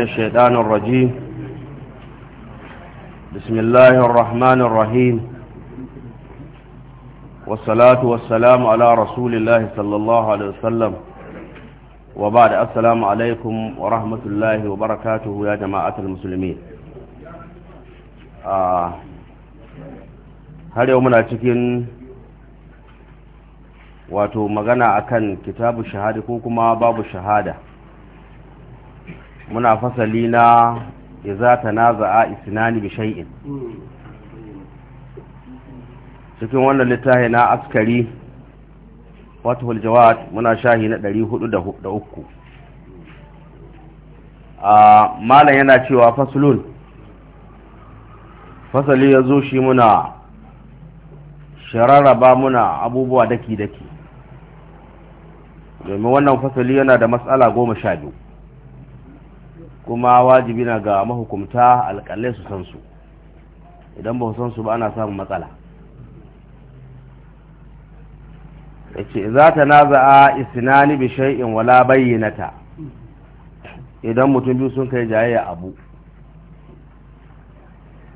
الشيطان الرجيم بسم الله الرحمن الرحيم والصلاة والسلام على رسول الله صلى الله عليه وسلم وبعد السلام عليكم ورحمة الله وبركاته يا جماعة المسلمين هل يومنا تكين واتو مغانا أكن كتاب الشهادة كوكما باب الشهادة muna fasali na iza tanaza'a isinani bi shay'in cikin wannan littafi na askari fathul jawad muna shahi na 403 a malam yana cewa fasulun fasali ya zo shi muna shararraba muna abubuwa daki-daki domin wannan fasali yana da matsala goma sha biyu kuma wajibi na ga mahukumta alƙalai su san su idan ba san su ba ana samun matsala yace za ta naza'a isnani bi shay'in wala bayyinata idan mutum biyu sun kai jayayya abu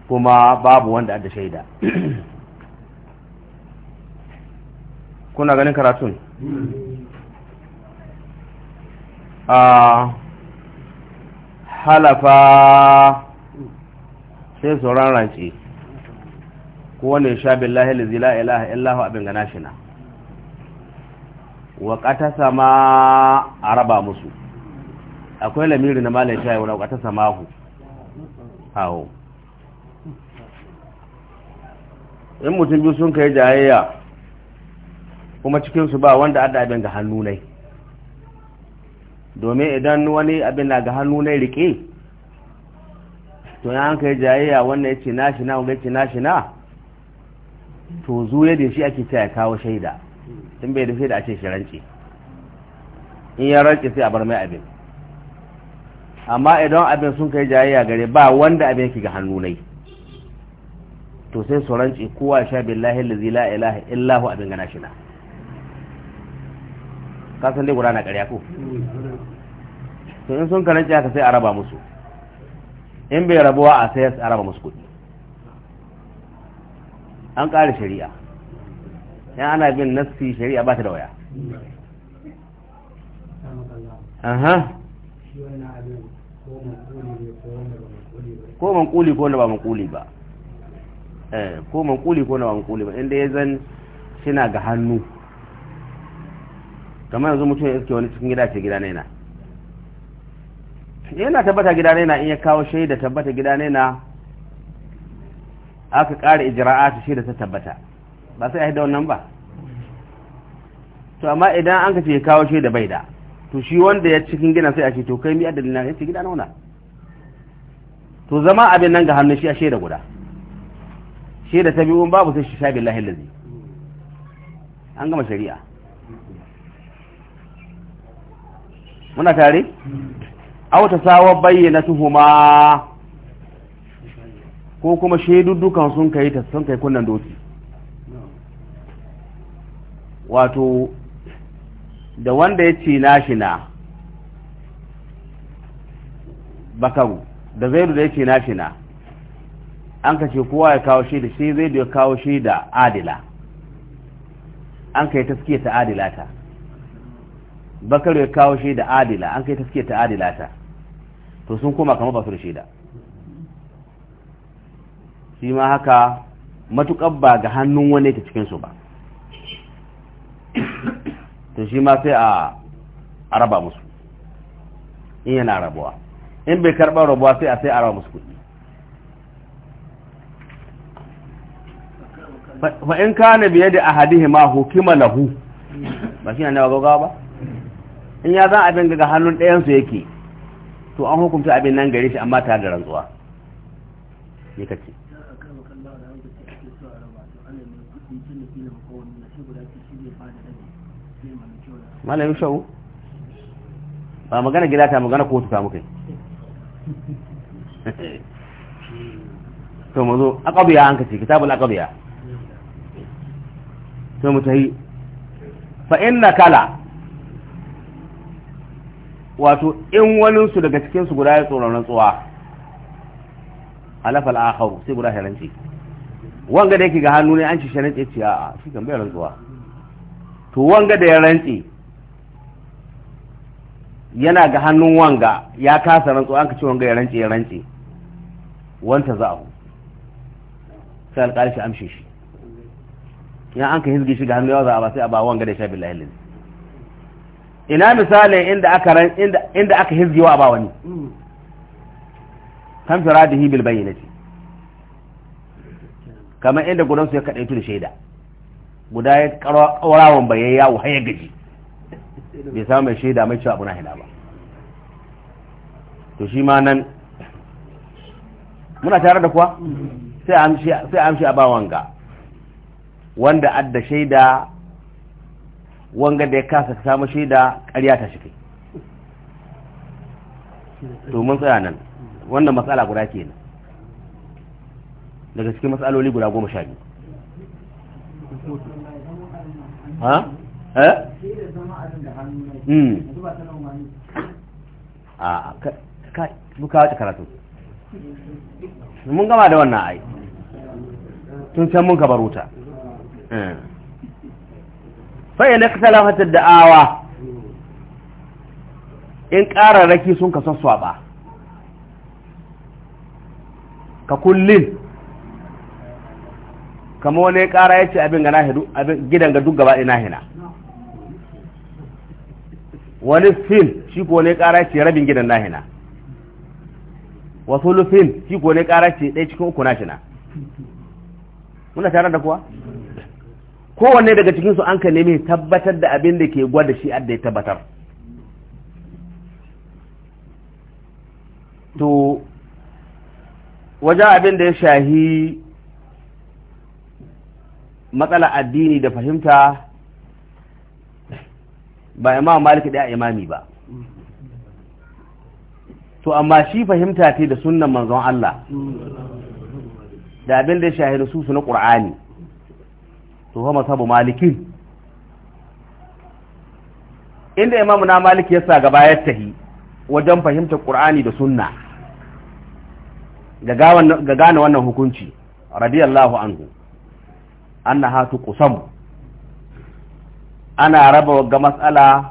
kuma babu wanda da shaida kuna ganin karatun hmm. a ah, halafa sai su rarrance ko wani sha billahi lizi la ilaha illahu abin gana shi na wa ƙata sama a raba musu akwai lamiri na malin shayi wani ƙata sama ku hau in mutum biyu sun kai jayayya kuma cikinsu ba wanda adda abin ga hannu domin idan wani abin na ga hannu na riƙe to ya an kai jayayya wannan ya ce nashi na wanda ya ce nashi na to zuwa da shi ake ta ya kawo shaida in bai da shaida a ce shi rance in ya rance sai a bar mai abin amma idan abin sun kai jayayya gare ba wanda abin yake ga hannu nai to sai su rance kowa sha billahi lazi la ilaha illahu abin gana shi na ka san dai guda na ƙarya ko to in sun karanci haka sai araba musu in bai rabuwa a sai araba musu kuɗi an ƙara shari'a yan ana bin nassi shari'a ba ta da waya aha ko kuli ko na ba kuli ba eh ko kuli ko na ba kuli ba inda ya zan shina ga hannu kamar yanzu mutum ya iske wani cikin gida ce gida na yana tabbata gida na in ya kawo shaida tabbata gida na aka ƙara ta shaida ta tabbata ba sai a haida wannan ba to amma idan an ka ce ya kawo shaida bai da to shi wanda ya cikin gina sai a ce to kai mi adalin na yace gida nauna to zama abin nan ga hannun shi a shaida guda shaida ta biyu babu sai shi sha billahi lazi an gama shari'a muna tare aw ta sawa tuhuma ko kuma shaidudukan sun kai ta sun kai kunnan doki wato da wanda ya ce nashi na bakaru da zaidu da ya ce nashi na an ka ce kowa ya kawo shaida shi da ya kawo shaida adila an ka yi taskiya ta adila ta bakar ya kawo shaida adila an kai taske ta adila ta to sun koma kamar ba su da shaida shi ma haka matuƙar ba ga hannun wani ta cikinsu ba to shi ma sai a araba musu in yana rabuwa in bai karɓar rabuwa sai a sai araba musu kuɗi fa in kana biye da ma hukima lahu ba shi ne na gaggawa ba in ya zan abin ga hannun ɗayansu yake to an hukunta abin nan gare shi amma tare da rantsuwa ne ce malamin shau ba magana gida ta magana kotu ta mukai to mu zo an kace kitabul aqabiya to mu fa inna kala wato in waninsu daga cikinsu guda ya tsoron rantsuwa alafal akharu sai guda ya rantsi wanga da yake ga hannu ne an ci sharanci ce a shi kan bai rantsuwa to wanga da ya rantsi yana ga hannun wanga ya kasa rantsuwa an ka ce wanga ya rantsi ya rantsi wanta za'ahu sai alƙali amshi shi ya an ka hizgi shi ga hannu yawa za a ba sai a ba wanga da sha billahi lillahi ina misalin inda aka inda inda aka hizgiwa ba wani mm. kan firadihi bil bayyinati kamar inda gudan su ya kadaitu da shaida guda ya karawan bayayya wa har ya gaji bai samu mai shaida mai cewa abu na hina ba to shi ma nan muna tare da kuwa mm. sai amshi a bawan ga wanda adda shaida wanga da ya kasa samu shi da ƙarya ta shi kai to mun tsaya nan wannan matsala guda ke nan daga cikin matsaloli guda goma sha biyu ha? eh? Hmm. a ka buka wata karatu mun gama da wannan ai tun can mun ka baruta eh. sai na kasalafatar da'awa in ƙararraki sun ka sassuwa ba ka kullin kama wani ƙara ya ce abin gidan ga duk gaba ina hina wani fil shi ko wani ƙara ya ce rabin gidan na hina wasu lufin shi ko wani ƙara ya ce ɗaya cikin uku na shina muna tare da kuwa kowanne daga cikinsu an ka nemi tabbatar da abin da ke gwada shi adda ya tabbatar to wajen abin da ya shahi matsala addini da fahimta ba imam malik da imami ba to amma shi fahimta ce da sunnan manzon Allah da abin da ya shahi su na ƙur'ani Su fa masabu maliki inda imamu na maliki yasa gaba ya tahi wajen fahimtar qur'ani da sunna ga gane wannan hukunci radiyallahu anhu hatu tuqsam ana raba ga mas'ala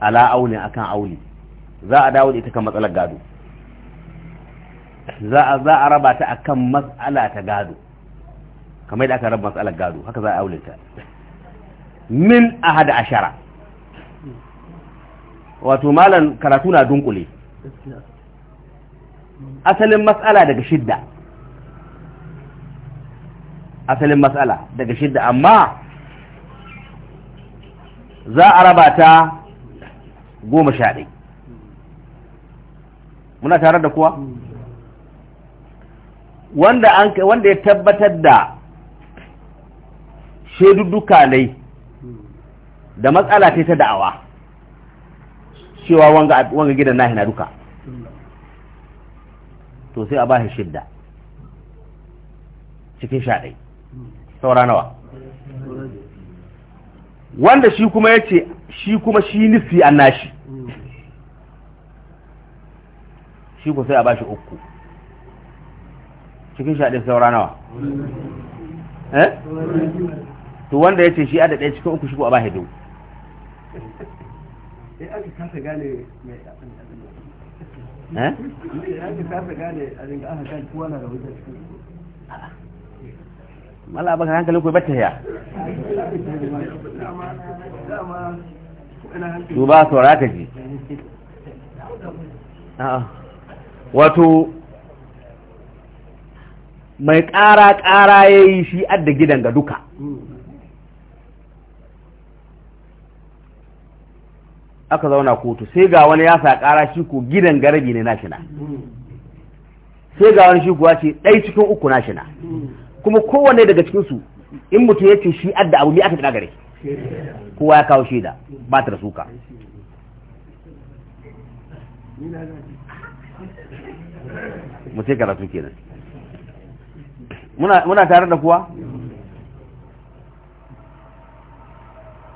ala auni akan auni za a dawo da ita kan matsalar gado za a raba ta akan mas'ala ta gado kamar da aka raba matsalar gado haka za a ta min ahada ashara wato malam karatu na dunkule asalin matsala daga shidda asalin matsala daga shidda amma za a raba ta goma sha ɗai muna tare da kuwa wanda ya tabbatar da shaiduduka dai da matsala ta da'awa cewa wanga gidan nahi na duka to sai a ba shi shidda cikin shaɗai saura nawa wanda shi kuma ya ce shi kuma shi nufi an nashi shi ku sai a ba shi uku cikin shaɗai saura nawa eh to wanda ya ce shi a da ɗaya cikin uku shi eh, eh? Eh, ko a bashi biyu mala baka hankalin kuwa bata ya su ba saura ka ji wato mai ƙara ƙara ya yi shi adda gidan ga duka hmm. aka zauna kotu sai ga wani ya sa ƙara shi ko gidan garabi ne nashi na sai ga wani shi kuwa ce ɗai cikin uku nashi na kuma kowanne daga cikin su in mutum ya ce shi adda abu me aka fada gare kowa ya kawo shaida ba ta da suka mu sai karatu kenan muna muna tare da kuwa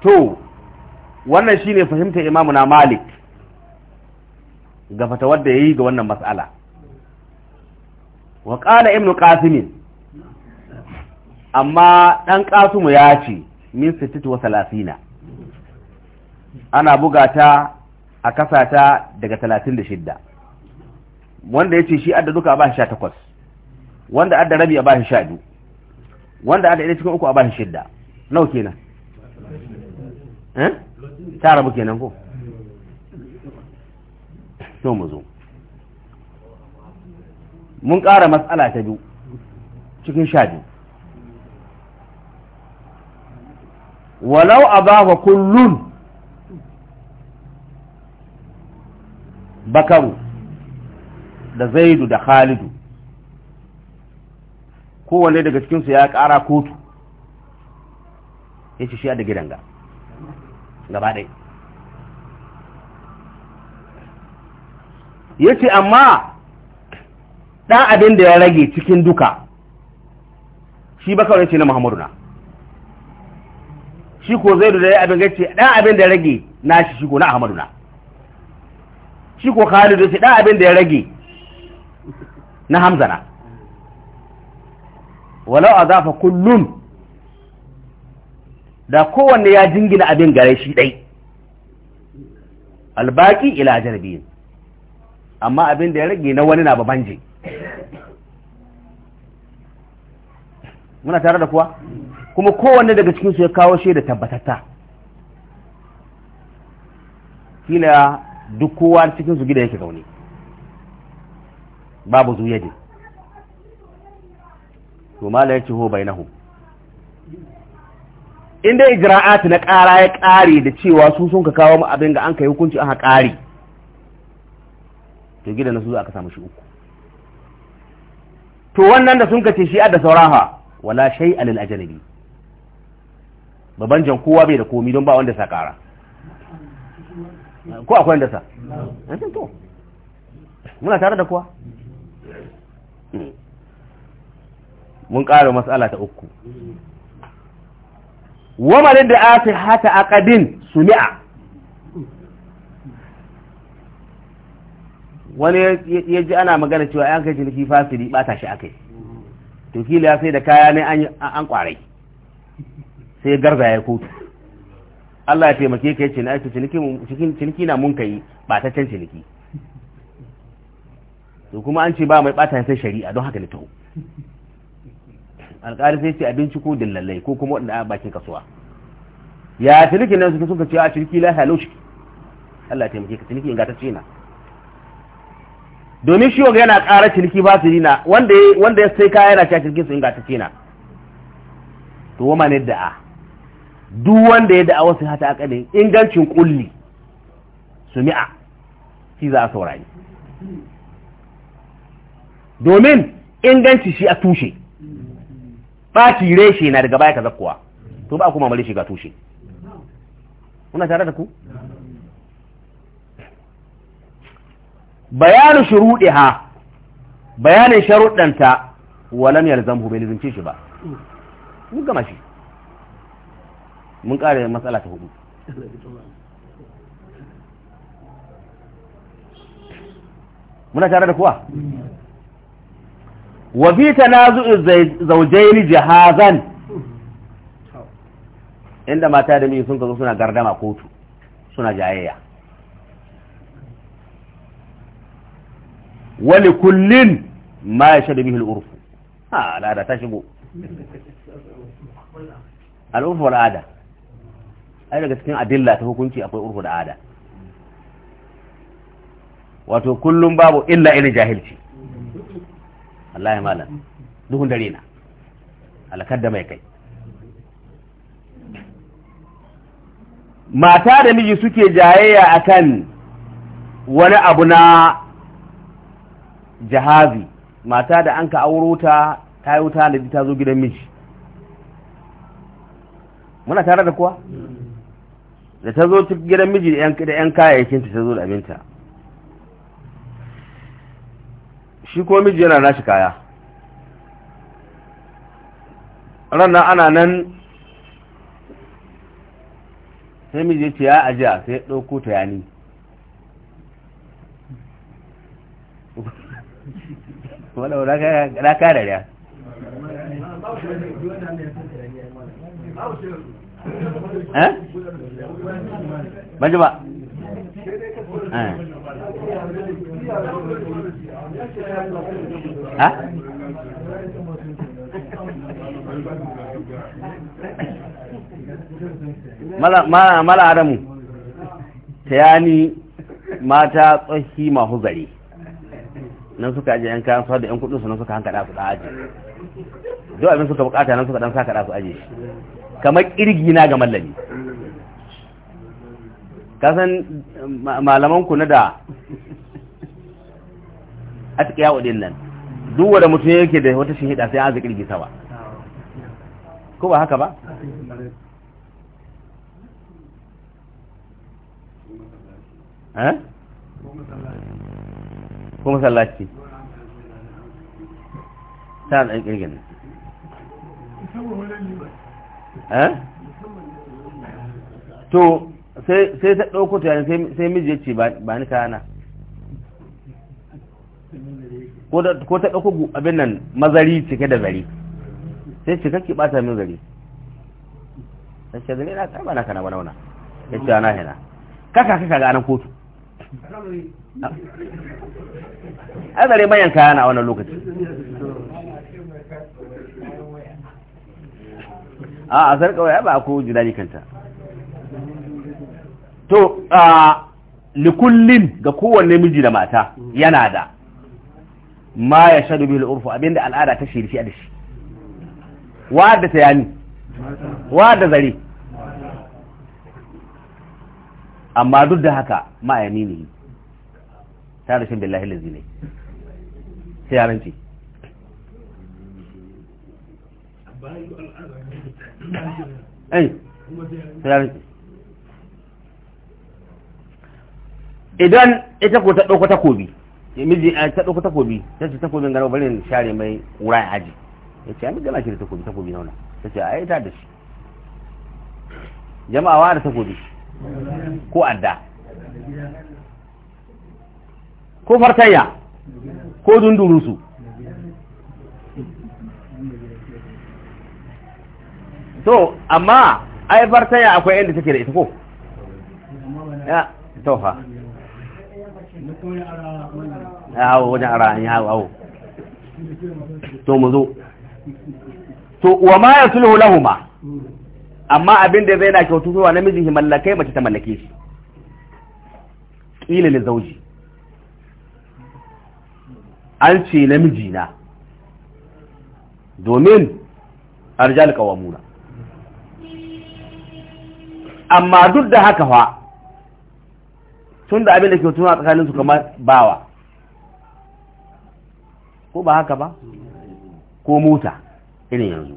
to wannan shine fahimtar imamu na malik ga fatawar da yi ga wannan mas'ala wa qala ibnu ƙasimin amma ɗan ƙasimu ya ce min 36 ana bugata a kasata daga talatin da shidda. wanda ya ce shi adda duka ba shi sha-takwas, wanda adda rabi a ba shi 12 wanda adda ita cikin uku a ba shi nau kenan Eh? ta rabu kenan ko to mu zo mun ƙara matsala ta biyu cikin sha biyu walau a ba wa kullun bakaru da zaidu da khalidu kowane daga cikinsu ya ƙara kotu ya ce shi a da gidan ga gaba ɗai ya ce amma ɗan abin da ya rage cikin duka shi ba kawai ce na muhammadu na shi ko zai da ya abin gace ɗan abin da ya rage na shi shi ko na muhammadu na shi ko ya ce ɗan abin da ya rage na hamza na walau a zafa kullum da kowanne ya jingina abin gare shi ɗai albaki ila jarbi amma abin da ya rage na wani na baban je muna tare da kuwa kuma kowanne daga cikinsu ya kawo shi da tabbatatta kila duk kowa cikinsu gida yake zaune babu zuyade to mala ya ce ho bainahu inda ijra'at na ƙara ya ƙare da cewa su sun ka kawo mu abin ga an kai hukunci aka ƙare to gidan na su aka samu shi uku to wannan da sun ka ce shi da sauraha wala shay alil ajnabi Babban jan kowa bai da komi don ba wanda sa ƙara ko akwai wanda sa to muna tare da kowa hmm. mun ƙara mas'ala ta uku wa da da fi hata aqadin sumi'a wani ya ji ana magana cewa an kai ciniki fasiri bata shi akai to kila ya sai da kaya ne an kwarai sai garza ya kotu Allah ya taimake ka yace na aiki ciniki ciniki na mun kai can ciniki to kuma an ce ba mai bata sai shari'a don haka ne taho alƙali sai ce abinci ko dillalai ko kuma waɗanda a bakin kasuwa ya ciniki nan suke suka ce a ciniki la halau shi Allah ya taimake ka ciniki ingantacce cina domin shi waga yana ƙara ciniki ba su rina wanda wanda ya sai kaya yana cewa cinikin su ingantacce cina to wama mane da'a duk wanda ya da'a wasu hata akalin ingancin kulli sumi'a shi za a saurari domin inganci shi a tushe ɓaci reshe na daga baya ka zakkuwa to ba kuma malishi ga tushe muna tare da ku bayanu ha bayanin sharuɗanta walam yalzamhu bai lizince shi ba mun gama shi mun ƙare matsala ta hudu muna tare da kuwa wa na tanazu'u zawjayn jihazan inda mata da miji sun kazo suna gardama kotu suna jayayya wani kullin ma yashhadu bihi al-urf ha al'ada ta shigo al-urf wal ada ai daga cikin adilla ta hukunci akwai urfu da ada wato kullum babu illa irin jahilci wallahi malam duhun dare na alakar da mai kai mata da miji suke jayayya akan wani abu na jahazi mata da an ka auro ta ta yi wuta ta zo gidan miji muna tare da kuwa da ta zo gidan miji da 'yan kayayyakin ta zo da abinta shi ko miji yana nashi kaya ranar ana nan sai miji ce ya ajiya sai ya ɗauko ta yani wala wala ka ka da ya eh ba Eh. mala mala adamu tayani mata tsohi mahu zare nan suka ajiye yan kayan da yan kudinsu su nan suka hankada su da ajiye duk abin suka bukata nan suka dan saka da su aje kamar kirgi na ga mallami kasan malaman ku na da a cikin yawon din nan duk wadda mutum yake da wata shahida sai an zikirgi ta ba ko ba haka ba eh? ko masallaci ta da kirgin eh? to sai ta ɗauko tunanin sai miji ya ce ba ni kana ko ta ɗauko abin nan mazari cike da zari sai cika ki ɓata min zari sai ce zari na kai ba na kana ba nauna ya ce ana hina kaka kaka ga anan kotu a zare mayan kaya na wannan lokaci a a sarƙa waya ba ko jidali kanta to likullin ga kowanne miji da mata yana da ma ya shaɗu bil urfu abinda al'ada ta shirfi a dashi wa da tayani wa da zare amma duk da haka ma'ayani ne ta rashin billahi lazi ne sai yaran ai sai ya ce idan ita ko ta ɗauko takobi miji eh, ta ɗauko takobi ta ce takobin garau bari share mai wura a aji ya ce an gama shi da takobi takobi nauna ta ce a ta da shi jama'a wa da takobi ko adda ko fartayya ko dundurusu to amma ai fartayya akwai inda take da ita ko ya tofa yawo wajen ara yawo awo to mu zo to wa ma ya sulhu lahuma amma abin da zai na kyautu zuwa namiji shi mallakai mace ta mallake shi ƙila ne zauji an ce namiji na domin arjal kawamuna amma duk da haka fa tun da abin da ke tuna tsakanin su kamar bawa ko ba haka ba ko mota irin yanzu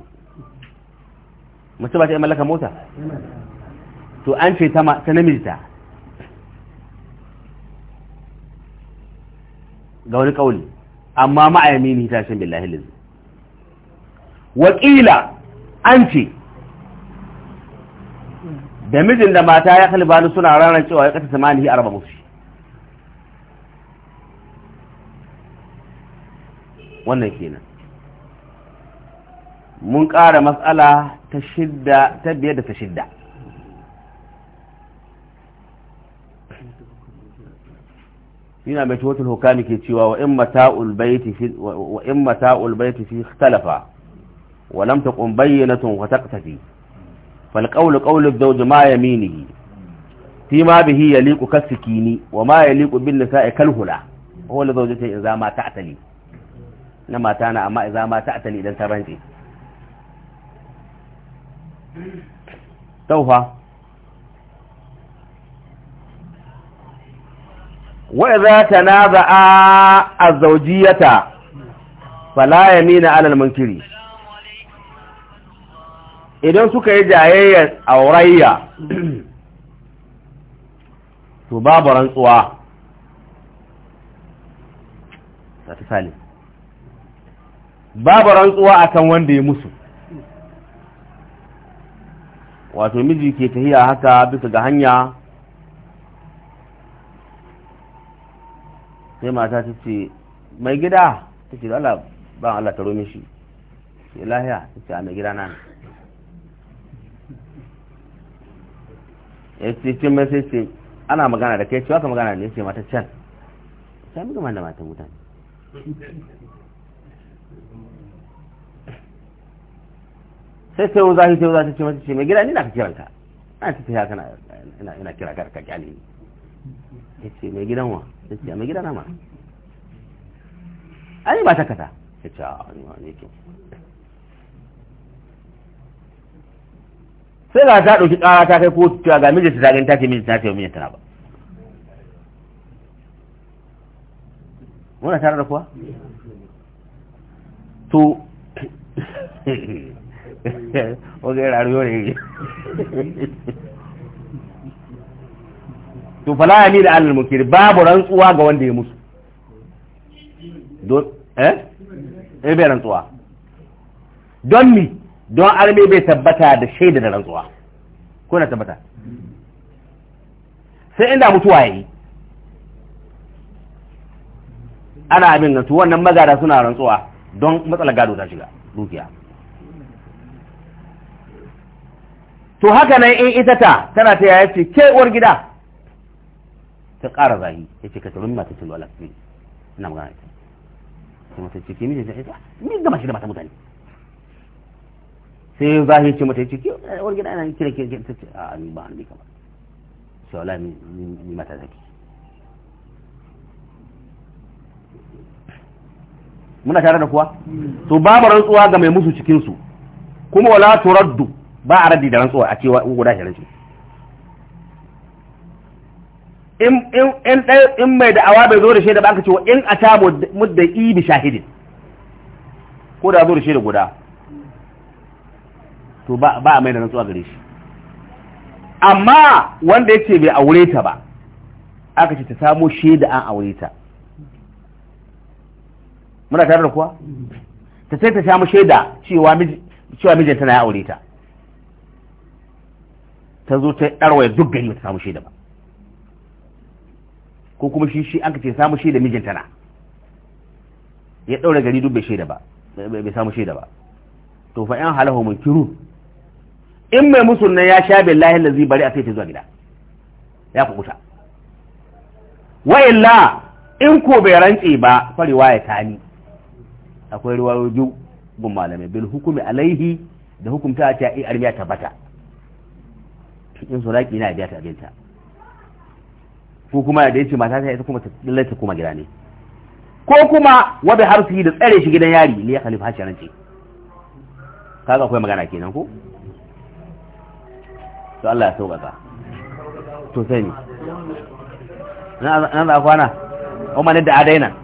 mace ba ta yi mallaka mota to an ce ta namiji ta ga wani kauli amma ma'ayami ne ta shan billahi lizu wakila an ce da mijin da mata ya kalibani suna ranar cewa ya kasa samanihi arba musu wannan kenan mun ƙara matsala ta shidda ta biyar da ta shidda yana mai tuwatul hukami ke cewa wa in mata'ul baiti fi wa in mata'ul baiti tun ikhtalafa wa falƙaunin ƙaunin zauji ma ya mini fi ma bi ya liƙu kassiki ni wa ma ya liƙu bin nisa kalhula wani zauji ce in zama ta na mata amma in zama ta atali ta rance taufa wa za ta na za a zaujiyata fala ya mini alal munkiri idan suka yi jayayyar aurayya to babu rantsuwa babu rantsuwa akan wanda ya musu wato miji ke tahiya haka bisa ga hanya sai mata ta ce mai gida ta ce da Allah ban Allah ta rome shi lahiya ta ce a mai gida na ne sai ana magana da kai cewa ka magana ne ce mata can gama da matan mutane sai sai wuza sai wuza ta ce mata ce mai gida ni na ka kiranka na ce ta yaka na kira ka ka kyale ni ya ce mai gidan wa ya ce mai na ma an yi ba ta kasa ya ce a wani wani ke sai ga ta ɗauki ƙara ta kai kotu cewa ga mijinta ta gani ta ce mijinta ta ce mijinta na ba wannan tare da kuwa to oge rariyo ne to fala ya da alal mukir babu rantsuwa ga wanda ya musu don eh eh bai rantsuwa don mi don arme bai tabbata da shaida da rantsuwa ko na tabbata sai inda mutuwa yi ana abin nan to wannan magada suna rantsuwa don matsalar gado ta shiga dukiya to haka nan in ita ta tana ta yaya ce ke uwar gida ta ƙara zahi ya ce ka tabi mata cin lola ina magana ita kuma ta ce ke mijin ta ita ni gama shi da mata mutane sai zahiri ce mata yace ki eh, war gida ina kira kira kira ce a ni ba an bi kamar sai wala ni mata zaki muna tare da kuwa to babu rantsuwa ga mai musu cikin su kuma wala turaddu ba a raddi da rantsuwa a cewa in guda shi rantsuwa in in in mai awa bai zo da shaida ba aka ce in a ta mudda ibi shahidin ko da zo da shaida guda to ba a mai da rantsuwa gare shi amma wanda ya ce bai aure ta ba aka ce ta samo shaida an aure ta muna tare da kuwa ta sai ta samu shaida cewa mijin tana ya aure ta ta zo ta ɗarwaya duk gani ta samu shaida ba ko kuma shi shi an ka ce samu shaida mijin tana ya ɗaure gari duk bai shaida ba bai samu shaida ba to fa yan halahu mun kiru in mai musun ya sha billahi lazi bari a sai ta zuwa gida ya kukuta wa illa in ko bai rantse ba farewa ya ta ni akwai riwayoyi biyu gun malamai bil hukumi alaihi da hukumta ta yi armiya bata in suraki na biya ta abinta ko kuma da yace mata ta ita kuma ta lalata kuma gida ne ko kuma wa bi harfi da tsare shi gidan yari ne ya khalifa shi rance kaga akwai magana kenan ko to Allah ya sauƙaƙa to sai ne na za kwana umar da adaina